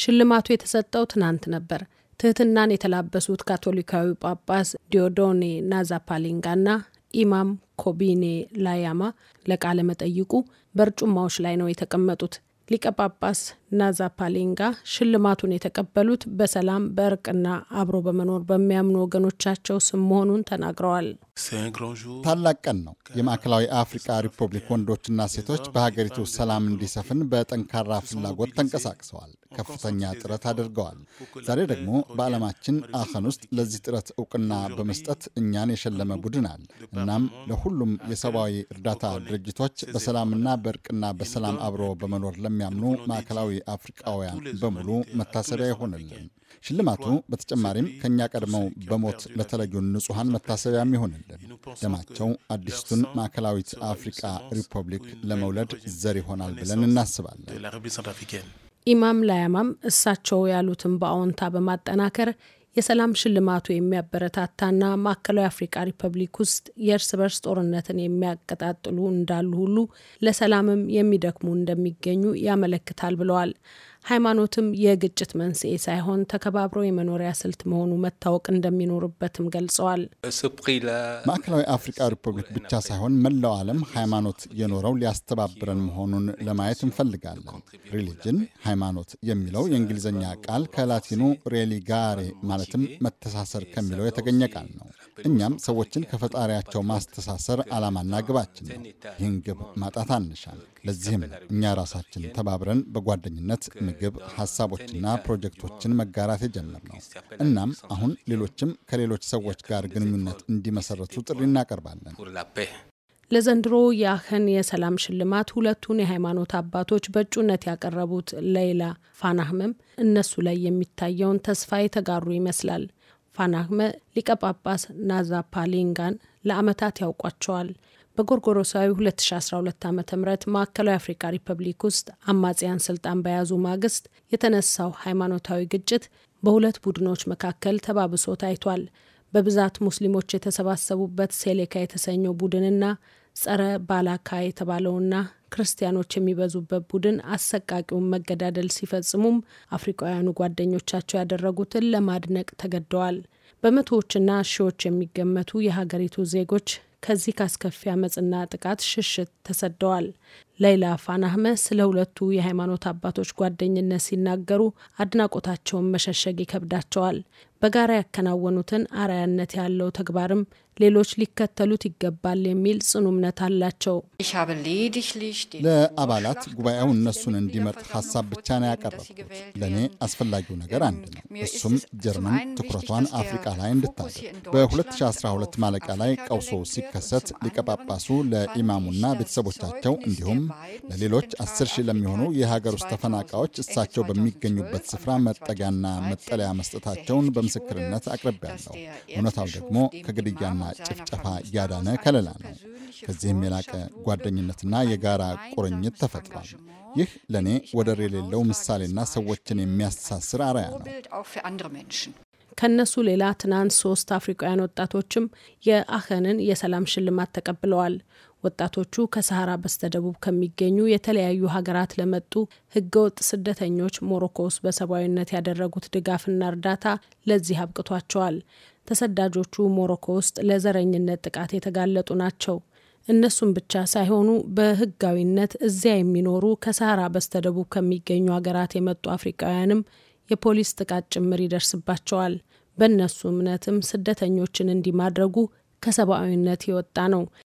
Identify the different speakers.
Speaker 1: ሽልማቱ የተሰጠው ትናንት ነበር። ትህትናን የተላበሱት ካቶሊካዊ ጳጳስ ዲዮዶኔ ናዛፓሊንጋና ኢማም ኮቢኔ ላያማ ለቃለ መጠይቁ በርጩማዎች ላይ ነው የተቀመጡት። ሊቀ ጳጳስ ናዛፓሊንጋ ሽልማቱን የተቀበሉት በሰላም በእርቅና አብሮ በመኖር በሚያምኑ ወገኖቻቸው ስም መሆኑን ተናግረዋል።
Speaker 2: ታላቅ ቀን ነው። የማዕከላዊ አፍሪካ ሪፑብሊክ ወንዶችና ሴቶች በሀገሪቱ ሰላም እንዲሰፍን በጠንካራ ፍላጎት ተንቀሳቅሰዋል፣ ከፍተኛ ጥረት አድርገዋል። ዛሬ ደግሞ በዓለማችን አኸን ውስጥ ለዚህ ጥረት እውቅና በመስጠት እኛን የሸለመ ቡድን አለ። እናም ለሁሉም የሰብአዊ እርዳታ ድርጅቶች በሰላምና በእርቅና በሰላም አብሮ በመኖር ለሚያምኑ ማዕከላዊ አፍሪቃውያን በሙሉ መታሰቢያ ይሆንልን። ሽልማቱ በተጨማሪም ከእኛ ቀድመው በሞት ለተለዩ ንጹሐን መታሰቢያም ይሆንልን። ደማቸው አዲስቱን ማዕከላዊት አፍሪቃ ሪፐብሊክ ለመውለድ ዘር ይሆናል ብለን እናስባለን።
Speaker 1: ኢማም ላያማም እሳቸው ያሉትን በአዎንታ በማጠናከር የሰላም ሽልማቱ የሚያበረታታና ማዕከላዊ አፍሪቃ ሪፐብሊክ ውስጥ የእርስ በርስ ጦርነትን የሚያቀጣጥሉ እንዳሉ ሁሉ ለሰላምም የሚደክሙ እንደሚገኙ ያመለክታል ብለዋል። ሃይማኖትም የግጭት መንስኤ ሳይሆን ተከባብሮ የመኖሪያ ስልት መሆኑ መታወቅ እንደሚኖርበትም ገልጸዋል።
Speaker 2: ማዕከላዊ አፍሪቃ ሪፐብሊክ ብቻ ሳይሆን መላው ዓለም ሃይማኖት የኖረው ሊያስተባብረን መሆኑን ለማየት እንፈልጋለን። ሪሊጅን ሃይማኖት የሚለው የእንግሊዝኛ ቃል ከላቲኑ ሬሊጋሬ ማለትም መተሳሰር ከሚለው የተገኘ ቃል ነው። እኛም ሰዎችን ከፈጣሪያቸው ማስተሳሰር ዓላማና ግባችን ነው። ይህን ግብ ማጣት አንሻል። ለዚህም እኛ ራሳችን ተባብረን በጓደኝነት ምግብ፣ ሀሳቦችና ፕሮጀክቶችን መጋራት የጀመርነው። እናም አሁን ሌሎችም ከሌሎች ሰዎች ጋር ግንኙነት እንዲመሰረቱ ጥሪ እናቀርባለን።
Speaker 1: ለዘንድሮ የአኸን የሰላም ሽልማት ሁለቱን የሃይማኖት አባቶች በእጩነት ያቀረቡት ሌይላ ፋናህምም እነሱ ላይ የሚታየውን ተስፋ የተጋሩ ይመስላል። ፋናህመ ሊቀ ጳጳስ ናዛ ፓሊንጋን ለአመታት ያውቋቸዋል። በጎርጎሮሳዊ 2012 ዓ ም ማዕከላዊ አፍሪካ ሪፐብሊክ ውስጥ አማጽያን ስልጣን በያዙ ማግስት የተነሳው ሃይማኖታዊ ግጭት በሁለት ቡድኖች መካከል ተባብሶ ታይቷል። በብዛት ሙስሊሞች የተሰባሰቡበት ሴሌካ የተሰኘው ቡድንና ጸረ ባላካ የተባለውና ክርስቲያኖች የሚበዙበት ቡድን አሰቃቂውን መገዳደል ሲፈጽሙም አፍሪቃውያኑ ጓደኞቻቸው ያደረጉትን ለማድነቅ ተገደዋል። በመቶዎችና ሺዎች የሚገመቱ የሀገሪቱ ዜጎች ከዚህ ካስከፊ አመፅና ጥቃት ሽሽት ተሰደዋል። ለይላ ፋናህመ ስለ ሁለቱ የሃይማኖት አባቶች ጓደኝነት ሲናገሩ አድናቆታቸውን መሸሸግ ይከብዳቸዋል። በጋራ ያከናወኑትን አርአያነት ያለው ተግባርም ሌሎች ሊከተሉት ይገባል የሚል ጽኑ እምነት አላቸው።
Speaker 2: ለአባላት ጉባኤው እነሱን እንዲመርጥ ሀሳብ ብቻ ነው ያቀረብኩት። ለእኔ አስፈላጊው ነገር አንድ ነው። እሱም ጀርመን ትኩረቷን አፍሪቃ ላይ እንድታደርግ በ2012 ማለቂያ ላይ ቀውሶ ሲከሰት ሊቀጳጳሱ ለኢማሙና ቤተሰቦቻቸው እንዲሁም ለሌሎች 10 ሺህ ለሚሆኑ የሀገር ውስጥ ተፈናቃዮች እሳቸው በሚገኙበት ስፍራ መጠጊያና መጠለያ መስጠታቸውን ምስክርነት አቅርቤያለሁ። እውነታው ደግሞ ከግድያና ጭፍጨፋ ያዳነ ከለላ ነው። ከዚህም የላቀ ጓደኝነትና የጋራ ቁርኝት ተፈጥሯል። ይህ ለእኔ ወደር የሌለው ምሳሌና ሰዎችን የሚያስተሳስር አርያ
Speaker 1: ነው። ከእነሱ ሌላ ትናንት ሶስት አፍሪካውያን ወጣቶችም የአኸንን የሰላም ሽልማት ተቀብለዋል። ወጣቶቹ ከሰሃራ በስተደቡብ ከሚገኙ የተለያዩ ሀገራት ለመጡ ህገወጥ ስደተኞች ሞሮኮ ውስጥ በሰብአዊነት ያደረጉት ድጋፍና እርዳታ ለዚህ አብቅቷቸዋል። ተሰዳጆቹ ሞሮኮ ውስጥ ለዘረኝነት ጥቃት የተጋለጡ ናቸው። እነሱም ብቻ ሳይሆኑ በህጋዊነት እዚያ የሚኖሩ ከሰሃራ በስተደቡብ ከሚገኙ ሀገራት የመጡ አፍሪቃውያንም የፖሊስ ጥቃት ጭምር ይደርስባቸዋል። በእነሱ እምነትም ስደተኞችን እንዲማድረጉ ከሰብአዊነት የወጣ ነው።